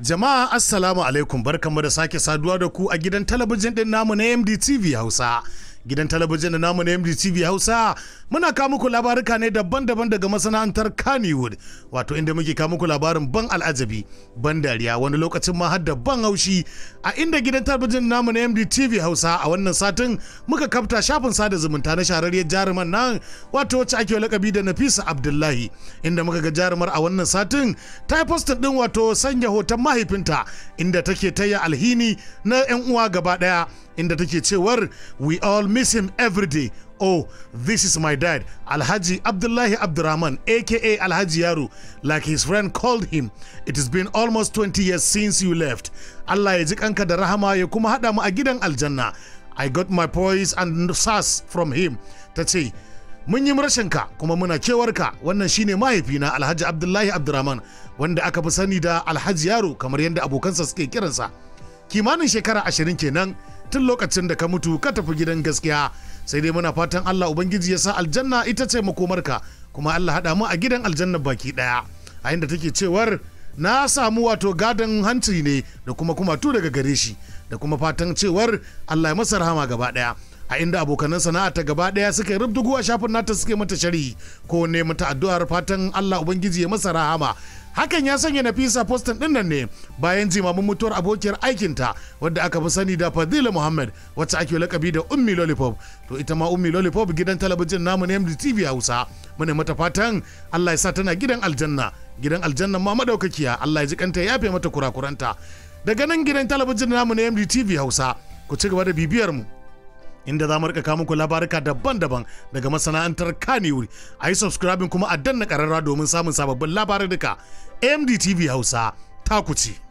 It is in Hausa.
Jama'a Assalamu alaikum barkanmu da sake saduwa da ku a gidan talabijin din namu na MDTV Hausa. Gidan talabijin da namu na MDTV Hausa muna kawo muku labaruka ne daban-daban daga masana'antar Kannywood wato inda muke kawo muku labarin ban al'ajabi ban dariya wani lokacin ma har ban haushi a inda gidan talabijin namu na MDTV Hausa a wannan satin muka kafta shafin sada zumunta na shahararriyar jaruman nan wato wacce ake lakabi da Nafisa Abdullahi inda muka ga jarumar a wannan satin ta yi postin din wato sanya hoton mahaifinta inda take taya alhini na 'yan uwa gaba daya inda take cewar we all miss him every day oh this is my dad alhaji abdullahi abdurrahman aka alhaji yaro like his friend called him it has been almost 20 years since you left allah ya ji kanka da rahama ya kuma hada mu a gidan aljanna i got my poise and sass from him ta ce mun yi rashinka kuma muna kewarka wannan shine mahaifina alhaji abdullahi abdurrahman wanda aka fi sani da alhaji yaro kamar yadda abokansa suke kiransa kimanin shekara ashirin kenan tun lokacin da ka mutu ka tafi gidan gaskiya sai dai muna fatan Allah ubangiji ya sa aljanna ita ce makomarka kuma Allah haɗa mu a gidan aljanna baki ɗaya a inda take cewar na samu wato gadon hanci ne da kuma kuma tu daga gare shi da kuma fatan cewar Allah ya masa rahama gaba ɗaya a inda abokanan sana'a ta gaba daya suka yi rubdugu a shafin nata suke mata sharhi ko ne mata addu'ar fatan Allah ubangiji ya masa rahama hakan ya sanya nafisa postin din nan ne bayan jimamin mutuwar abokiyar aikinta wadda aka fi sani da fadila muhammad wacce ake lakabi da ummi lollipop to ita ma ummi lollipop gidan talabijin namu na mdtv hausa muna mata fatan allah ya sa tana gidan aljanna gidan aljanna ma madaukakiya allah ya ji kanta ya yafe mata kurakuranta daga nan gidan talabijin namu na mdtv hausa ku ci gaba da bibiyar mu inda za mu rika kawo muku labaruka daban-daban daga masana'antar Kanewuri. A yi subscribing kuma a danna ƙararra domin samun sababbin labarin AMD TV Hausa ta kuce.